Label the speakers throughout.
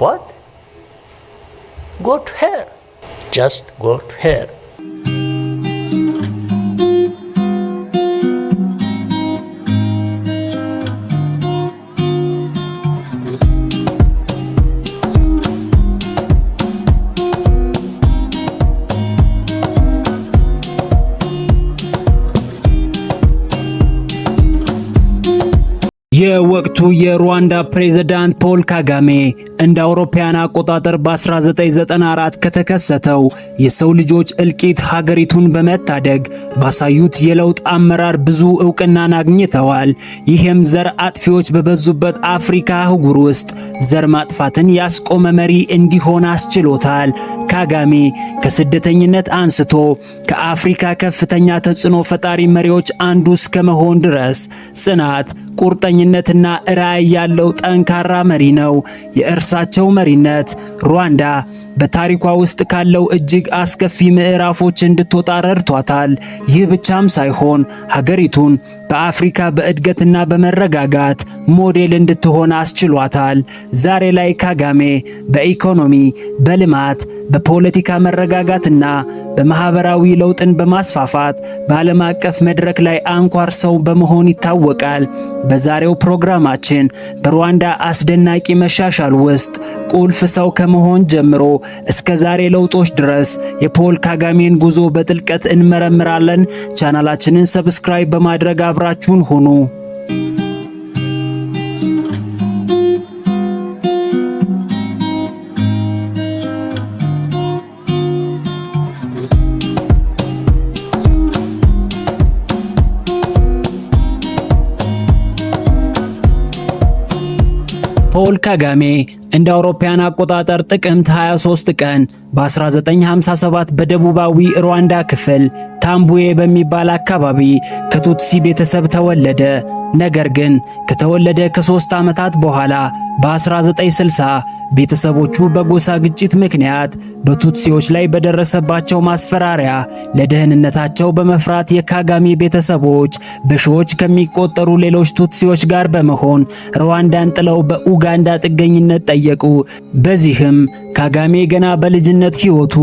Speaker 1: what?
Speaker 2: Go to hell.
Speaker 1: Just go to hell.
Speaker 3: የወቅቱ የሩዋንዳ ፕሬዝዳንት ፖል ካጋሜ እንደ አውሮፓውያን አቆጣጠር በ1994 ከተከሰተው የሰው ልጆች እልቂት ሀገሪቱን በመታደግ ባሳዩት የለውጥ አመራር ብዙ እውቅናን አግኝተዋል። ይህም ዘር አጥፊዎች በበዙበት አፍሪካ አህጉር ውስጥ ዘር ማጥፋትን ያስቆመ መሪ እንዲሆን አስችሎታል። ካጋሜ ከስደተኝነት አንስቶ ከአፍሪካ ከፍተኛ ተጽዕኖ ፈጣሪ መሪዎች አንዱ እስከ መሆን ድረስ ጽናት፣ ቁርጠኛ ቁርጠኝነትና ራዕይ ያለው ጠንካራ መሪ ነው። የእርሳቸው መሪነት ሩዋንዳ በታሪኳ ውስጥ ካለው እጅግ አስከፊ ምዕራፎች እንድትወጣ ረድቷታል። ይህ ብቻም ሳይሆን ሀገሪቱን በአፍሪካ በእድገትና በመረጋጋት ሞዴል እንድትሆን አስችሏታል። ዛሬ ላይ ካጋሜ በኢኮኖሚ፣ በልማት፣ በፖለቲካ መረጋጋትና በማህበራዊ ለውጥን በማስፋፋት በዓለም አቀፍ መድረክ ላይ አንኳር ሰው በመሆን ይታወቃል። በዛሬው በዛሬው ፕሮግራማችን በሩዋንዳ አስደናቂ መሻሻል ውስጥ ቁልፍ ሰው ከመሆን ጀምሮ እስከ ዛሬ ለውጦች ድረስ የፖል ካጋሜን ጉዞ በጥልቀት እንመረምራለን። ቻናላችንን ሰብስክራይብ በማድረግ አብራችሁን ሁኑ። ፖል ካጋሜ እንደ አውሮፓያን አቆጣጠር ጥቅምት 23 ቀን በ1957 በደቡባዊ ሩዋንዳ ክፍል ታምቡዬ በሚባል አካባቢ ከቱትሲ ቤተሰብ ተወለደ። ነገር ግን ከተወለደ ከሶስት ዓመታት በኋላ በ1960 ቤተሰቦቹ በጎሳ ግጭት ምክንያት በቱትሲዎች ላይ በደረሰባቸው ማስፈራሪያ ለደህንነታቸው በመፍራት የካጋሚ ቤተሰቦች በሺዎች ከሚቆጠሩ ሌሎች ቱትሲዎች ጋር በመሆን ሩዋንዳን ጥለው በኡጋንዳ ጥገኝነት ጠየቁ። በዚህም ካጋሜ ገና በልጅነት ሕይወቱ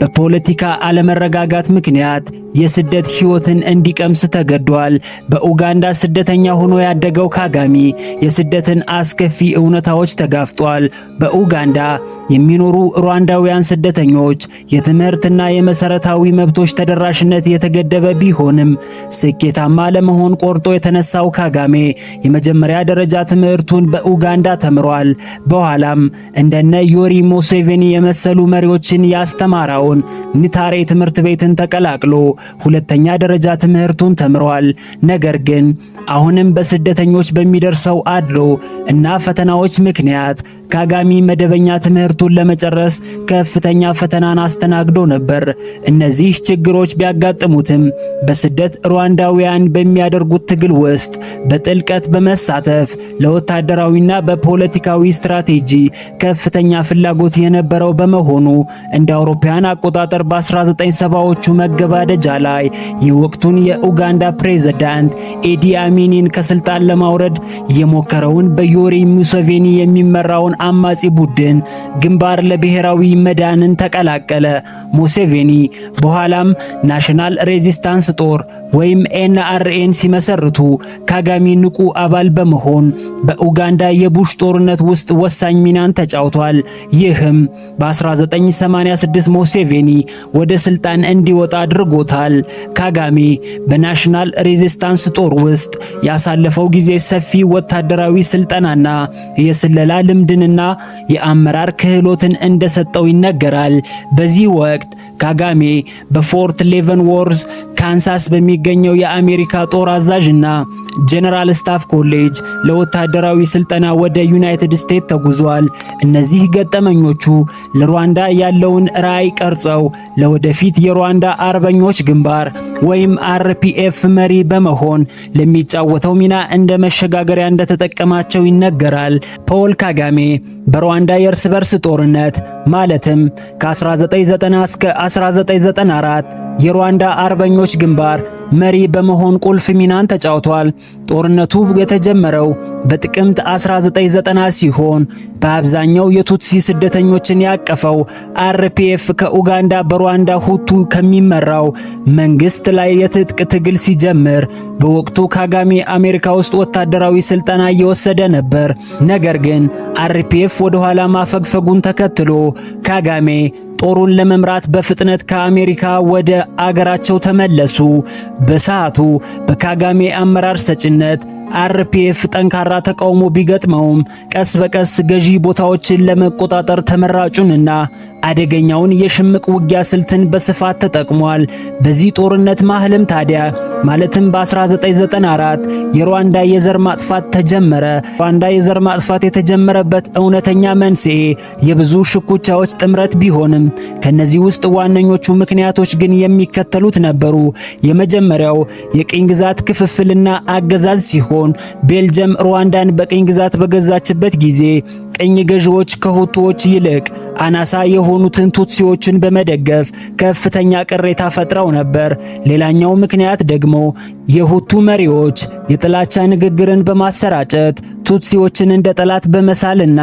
Speaker 3: በፖለቲካ አለመረጋጋት ምክንያት የስደት ሕይወትን እንዲቀምስ ተገዷል። በኡጋንዳ ስደተኛ ሆኖ ያደገው ካጋሜ የስደትን አስከፊ እውነታዎች ተጋፍጧል። በኡጋንዳ የሚኖሩ ሩዋንዳውያን ስደተኞች የትምህርትና የመሰረታዊ መብቶች ተደራሽነት የተገደበ ቢሆንም ስኬታማ ለመሆን ቆርጦ የተነሳው ካጋሜ የመጀመሪያ ደረጃ ትምህርቱን በኡጋንዳ ተምሯል። በኋላም እንደነ ዮሪ ሙሴቬኒ የመሰሉ መሪዎችን ያስተማራውን ኒታሬ ትምህርት ቤትን ተቀላቅሎ ሁለተኛ ደረጃ ትምህርቱን ተምሯል። ነገር ግን አሁንም በስደተኞች በሚደርሰው አድሎ እና ፈተናዎች ምክንያት ካጋሚ መደበኛ ትምህርቱን ለመጨረስ ከፍተኛ ፈተናን አስተናግዶ ነበር። እነዚህ ችግሮች ቢያጋጥሙትም በስደት ሩዋንዳውያን በሚያደርጉት ትግል ውስጥ በጥልቀት በመሳተፍ ለወታደራዊና በፖለቲካዊ ስትራቴጂ ከፍተኛ ፍላጎት የነበረው በመሆኑ እንደ አውሮፓውያን አቆጣጠር በ1970ዎቹ መገባደጃ ላይ የወቅቱን የኡጋንዳ ፕሬዝዳንት ኤዲ አሚኒን ከስልጣን ለማውረድ የሞከረውን በዮሪ ሙሴቬኒ የሚመራውን አማጺ ቡድን ግንባር ለብሔራዊ መዳንን ተቀላቀለ። ሙሴቬኒ በኋላም ናሽናል ሬዚስታንስ ጦር ወይም ኤንአርኤን ሲመሰርቱ ካጋሚ ንቁ አባል በመሆን በኡጋንዳ የቡሽ ጦርነት ውስጥ ወሳኝ ሚናን ተጫውቷል። ይህም ቢሆንም በ1986 ሙሴቬኒ ወደ ስልጣን እንዲወጣ አድርጎታል። ካጋሜ በናሽናል ሬዚስታንስ ጦር ውስጥ ያሳለፈው ጊዜ ሰፊ ወታደራዊ ስልጠናና የስለላ ልምድንና የአመራር ክህሎትን እንደሰጠው ይነገራል። በዚህ ወቅት ካጋሜ በፎርት ሌቨንዎርዝ ካንሳስ በሚገኘው የአሜሪካ ጦር አዛዥና ጀነራል ስታፍ ኮሌጅ ለወታደራዊ ስልጠና ወደ ዩናይትድ ስቴትስ ተጉዟል። እነዚህ ገጠመኞቹ ለሩዋንዳ ያለውን ራዕይ ቀርጸው ለወደፊት የሩዋንዳ አርበኞች ግንባር ወይም አርፒኤፍ መሪ በመሆን ለሚጫወተው ሚና እንደ መሸጋገሪያ እንደተጠቀማቸው ይነገራል። ፖል ካጋሜ በሩዋንዳ የእርስ በርስ ጦርነት ማለትም ከ1990 እስከ 1994 የሩዋንዳ አርበኞች ግንባር መሪ በመሆን ቁልፍ ሚናን ተጫውቷል። ጦርነቱ የተጀመረው በጥቅምት 1990 ሲሆን በአብዛኛው የቱትሲ ስደተኞችን ያቀፈው አርፒኤፍ ከኡጋንዳ በሩዋንዳ ሁቱ ከሚመራው መንግስት ላይ የትጥቅ ትግል ሲጀምር፣ በወቅቱ ካጋሜ አሜሪካ ውስጥ ወታደራዊ ስልጠና እየወሰደ ነበር። ነገር ግን አርፒኤፍ ወደ ኋላ ማፈግፈጉን ተከትሎ ካጋሜ ጦሩን ለመምራት በፍጥነት ከአሜሪካ ወደ አገራቸው ተመለሱ። በሰዓቱ በካጋሜ አመራር ሰጭነት አርፒኤፍ ጠንካራ ተቃውሞ ቢገጥመውም ቀስ በቀስ ገዢ ቦታዎችን ለመቆጣጠር ተመራጩንና አደገኛውን የሽምቅ ውጊያ ስልትን በስፋት ተጠቅሟል። በዚህ ጦርነት ማህልም ታዲያ ማለትም በ1994 የሩዋንዳ የዘር ማጥፋት ተጀመረ። ሩዋንዳ የዘር ማጥፋት የተጀመረበት እውነተኛ መንስኤ የብዙ ሽኩቻዎች ጥምረት ቢሆንም ከነዚህ ውስጥ ዋነኞቹ ምክንያቶች ግን የሚከተሉት ነበሩ። የመጀመሪያው የቅኝ ግዛት ክፍፍልና አገዛዝ ሲሆን ቤልጅየም ሩዋንዳን በቅኝ ግዛት በገዛችበት ጊዜ ቅኝ ገዢዎች ከሁቱዎች ይልቅ አናሳ የሆኑትን ቱትሲዎችን በመደገፍ ከፍተኛ ቅሬታ ፈጥረው ነበር። ሌላኛው ምክንያት ደግሞ የሁቱ መሪዎች የጥላቻ ንግግርን በማሰራጨት ቱትሲዎችን እንደ ጠላት በመሳልና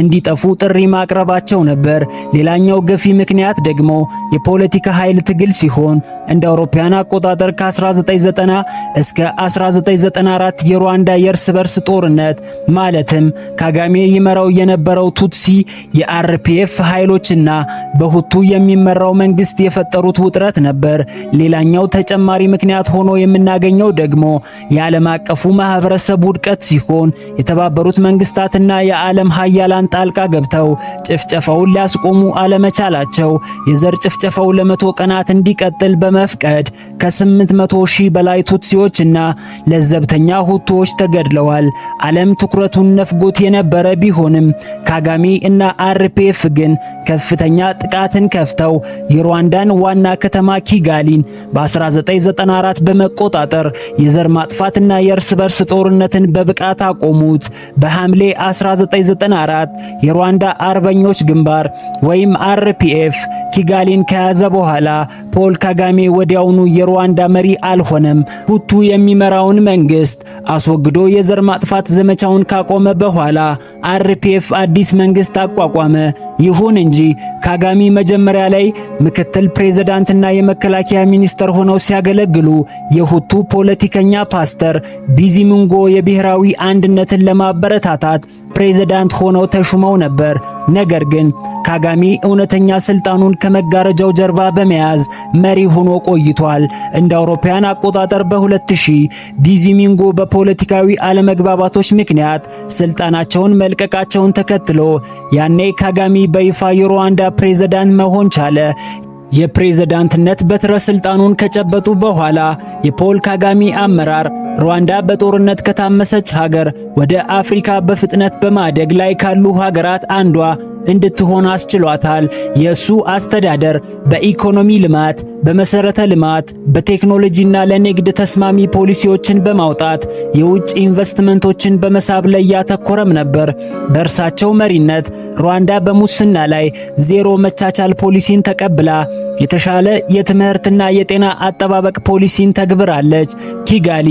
Speaker 3: እንዲጠፉ ጥሪ ማቅረባቸው ነበር። ሌላኛው ገፊ ምክንያት ደግሞ የፖለቲካ ኃይል ትግል ሲሆን እንደ አውሮፓውያን አቆጣጠር ከ1990 እስከ 1994 የሩዋንዳ የእርስ በርስ ጦርነት ማለትም ካጋሜ ይመራው የነበረው ቱትሲ የአርፒኤፍ ኃይሎችና በሁቱ የሚመራው መንግስት የፈጠሩት ውጥረት ነበር። ሌላኛው ተጨማሪ ምክንያት ሆኖ የምናገኘው ደግሞ የዓለም አቀፉ ማህበረሰብ ውድቀት ሲሆን የተባበሩት መንግስታትና የዓለም ሀያላን ጣልቃ ገብተው ጭፍጨፋውን ሊያስቆሙ አለመቻላቸው የዘር ጭፍጨፋው ለመቶ ቀናት እንዲቀጥል በመፍቀድ ከ800 ሺህ በላይ ቱትሲዎችና ለዘብተኛ ሁቶዎች ተገድለዋል። ዓለም ትኩረቱን ነፍጎት የነበረ ቢሆንም ካጋሚ እና አርፒኤፍ ግን ከፍተኛ ጥቃትን ከፍተው የሩዋንዳን ዋና ከተማ ኪጋሊን በ1994 በመቆጣጠር የዘር ማጥፋትና የእርስ በርስ ጦርነትን በብቃት አቆሙ። የሆኑት በሐምሌ 1994 የሩዋንዳ አርበኞች ግንባር ወይም አርፒኤፍ ኪጋሊን ከያዘ በኋላ ፖል ካጋሜ ወዲያውኑ የሩዋንዳ መሪ አልሆነም። ሁቱ የሚመራውን መንግስት አስወግዶ የዘር ማጥፋት ዘመቻውን ካቆመ በኋላ አርፒኤፍ አዲስ መንግስት አቋቋመ። ይሁን እንጂ ካጋሚ መጀመሪያ ላይ ምክትል ፕሬዝዳንትና የመከላከያ ሚኒስተር ሆነው ሲያገለግሉ የሁቱ ፖለቲከኛ ፓስተር ቢዚሙንጎ የብሔራዊ አንድነትን ለማበረታታት ፕሬዝዳንት ሆነው ተሹመው ነበር። ነገር ግን ካጋሚ እውነተኛ ስልጣኑን ከመጋረጃው ጀርባ በመያዝ መሪ ሆኖ ቆይቷል። እንደ አውሮፓውያን አቆጣጠር በ2000 ዲዚሚንጎ በፖለቲካዊ አለመግባባቶች ምክንያት ስልጣናቸውን መልቀቃቸውን ተከትሎ ያኔ ካጋሚ በይፋ የሩዋንዳ ፕሬዝዳንት መሆን ቻለ። የፕሬዝዳንትነት በትረ ስልጣኑን ከጨበጡ በኋላ የፖል ካጋሚ አመራር ሩዋንዳ በጦርነት ከታመሰች ሀገር ወደ አፍሪካ በፍጥነት በማደግ ላይ ካሉ ሀገራት አንዷ እንድትሆን አስችሏታል። የእሱ አስተዳደር በኢኮኖሚ ልማት በመሰረተ ልማት፣ በቴክኖሎጂና ለንግድ ተስማሚ ፖሊሲዎችን በማውጣት የውጭ ኢንቨስትመንቶችን በመሳብ ላይ ያተኮረም ነበር። በእርሳቸው መሪነት ሩዋንዳ በሙስና ላይ ዜሮ መቻቻል ፖሊሲን ተቀብላ የተሻለ የትምህርትና የጤና አጠባበቅ ፖሊሲን ተግብራለች። ኪጋሊ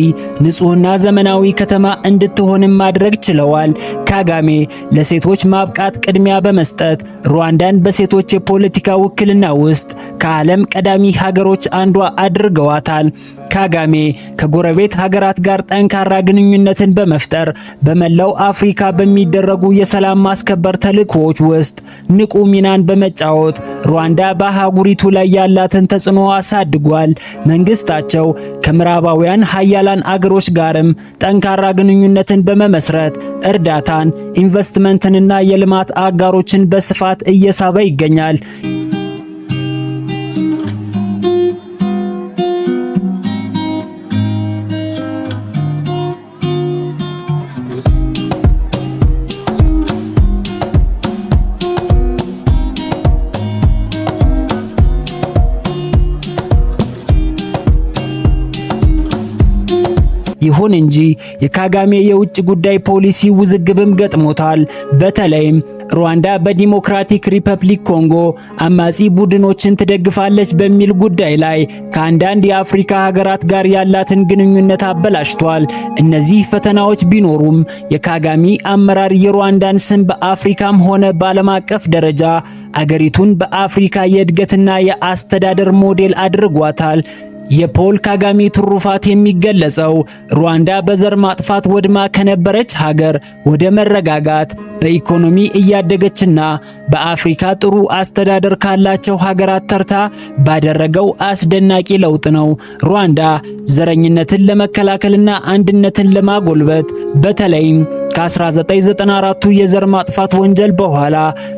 Speaker 3: ንጹህና ዘመናዊ ከተማ እንድትሆንም ማድረግ ችለዋል። ካጋሜ ለሴቶች ማብቃት ቅድሚያ በመስጠት ሩዋንዳን በሴቶች የፖለቲካ ውክልና ውስጥ ከዓለም ቀዳሚ ሀገሮች አንዷ አድርገዋታል። ካጋሜ ከጎረቤት ሀገራት ጋር ጠንካራ ግንኙነትን በመፍጠር በመላው አፍሪካ በሚደረጉ የሰላም ማስከበር ተልእኮዎች ውስጥ ንቁ ሚናን በመጫወት ሩዋንዳ በአህጉሪቱ ላይ ያላትን ተጽዕኖ አሳድጓል። መንግስታቸው ከምዕራባውያን ሀያላን አገሮች ጋርም ጠንካራ ግንኙነትን በመመስረት እርዳታን፣ ኢንቨስትመንትንና የልማት አጋሮችን በስፋት እየሳበ ይገኛል። ይሁን እንጂ የካጋሜ የውጭ ጉዳይ ፖሊሲ ውዝግብም ገጥሞታል። በተለይም ሩዋንዳ በዲሞክራቲክ ሪፐብሊክ ኮንጎ አማጺ ቡድኖችን ትደግፋለች በሚል ጉዳይ ላይ ከአንዳንድ የአፍሪካ ሀገራት ጋር ያላትን ግንኙነት አበላሽቷል። እነዚህ ፈተናዎች ቢኖሩም የካጋሚ አመራር የሩዋንዳን ስም በአፍሪካም ሆነ በዓለም አቀፍ ደረጃ አገሪቱን በአፍሪካ የእድገትና የአስተዳደር ሞዴል አድርጓታል። የፖል ካጋሜ ትሩፋት የሚገለጸው ሩዋንዳ በዘር ማጥፋት ወድማ ከነበረች ሀገር ወደ መረጋጋት በኢኮኖሚ እያደገችና በአፍሪካ ጥሩ አስተዳደር ካላቸው ሀገራት ተርታ ባደረገው አስደናቂ ለውጥ ነው። ሩዋንዳ ዘረኝነትን ለመከላከልና አንድነትን ለማጎልበት በተለይም ከ1994ቱ የዘር ማጥፋት ወንጀል በኋላ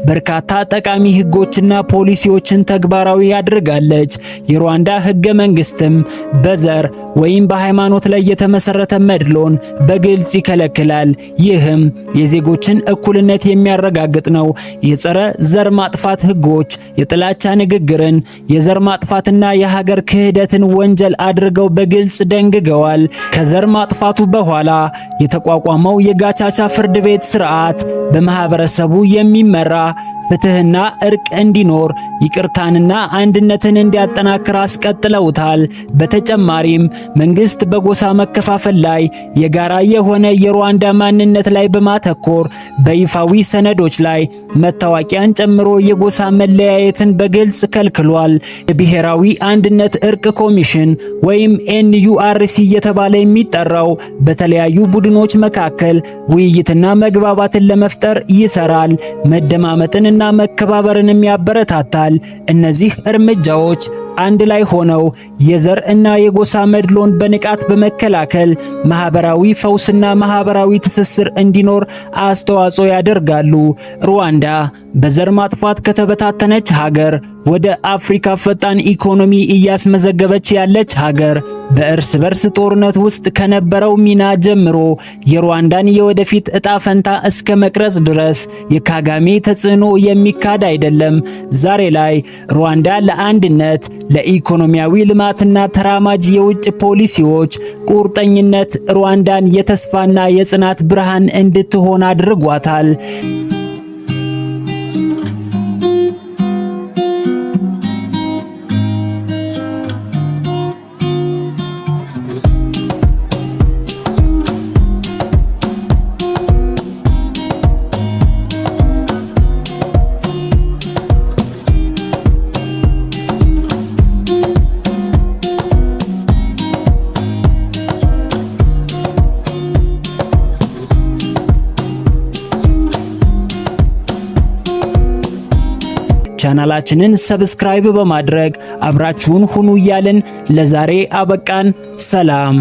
Speaker 3: በርካታ ጠቃሚ ህጎችና ፖሊሲዎችን ተግባራዊ አድርጋለች። የሩዋንዳ ህገ መንግስትም በዘር ወይም በሃይማኖት ላይ የተመሰረተ መድሎን በግልጽ ይከለክላል። ይህም የዜጎችን እኩል እኩልነት የሚያረጋግጥ ነው። የጸረ ዘር ማጥፋት ህጎች የጥላቻ ንግግርን፣ የዘር ማጥፋትና የሀገር ክህደትን ወንጀል አድርገው በግልጽ ደንግገዋል። ከዘር ማጥፋቱ በኋላ የተቋቋመው የጋቻቻ ፍርድ ቤት ስርዓት በማህበረሰቡ የሚመራ ፍትህና እርቅ እንዲኖር ይቅርታንና አንድነትን እንዲያጠናክር አስቀጥለውታል። በተጨማሪም መንግስት በጎሳ መከፋፈል ላይ የጋራ የሆነ የሩዋንዳ ማንነት ላይ በማተኮር በይፋዊ ሰነዶች ላይ መታወቂያን ጨምሮ የጎሳ መለያየትን በግልጽ ከልክሏል። የብሔራዊ አንድነት እርቅ ኮሚሽን ወይም ኤንዩአርሲ እየተባለ የሚጠራው በተለያዩ ቡድኖች መካከል ውይይትና መግባባትን ለመፍጠር ይሰራል። መደማመጥን ፍቅርንና መከባበርን የሚያበረታታል እነዚህ እርምጃዎች አንድ ላይ ሆነው የዘር እና የጎሳ መድሎን በንቃት በመከላከል ማህበራዊ ፈውስና ማህበራዊ ትስስር እንዲኖር አስተዋጽኦ ያደርጋሉ። ሩዋንዳ በዘር ማጥፋት ከተበታተነች ሀገር ወደ አፍሪካ ፈጣን ኢኮኖሚ እያስመዘገበች ያለች ሀገር በእርስ በርስ ጦርነት ውስጥ ከነበረው ሚና ጀምሮ የሩዋንዳን የወደፊት እጣ ፈንታ እስከ መቅረጽ ድረስ የካጋሜ ተጽዕኖ የሚካድ አይደለም። ዛሬ ላይ ሩዋንዳ ለአንድነት ለኢኮኖሚያዊ ልማትና ተራማጅ የውጭ ፖሊሲዎች ቁርጠኝነት ሩዋንዳን የተስፋና የጽናት ብርሃን እንድትሆን አድርጓታል። ቻናላችንን ሰብስክራይብ በማድረግ አብራችሁን ሁኑ እያልን ለዛሬ አበቃን። ሰላም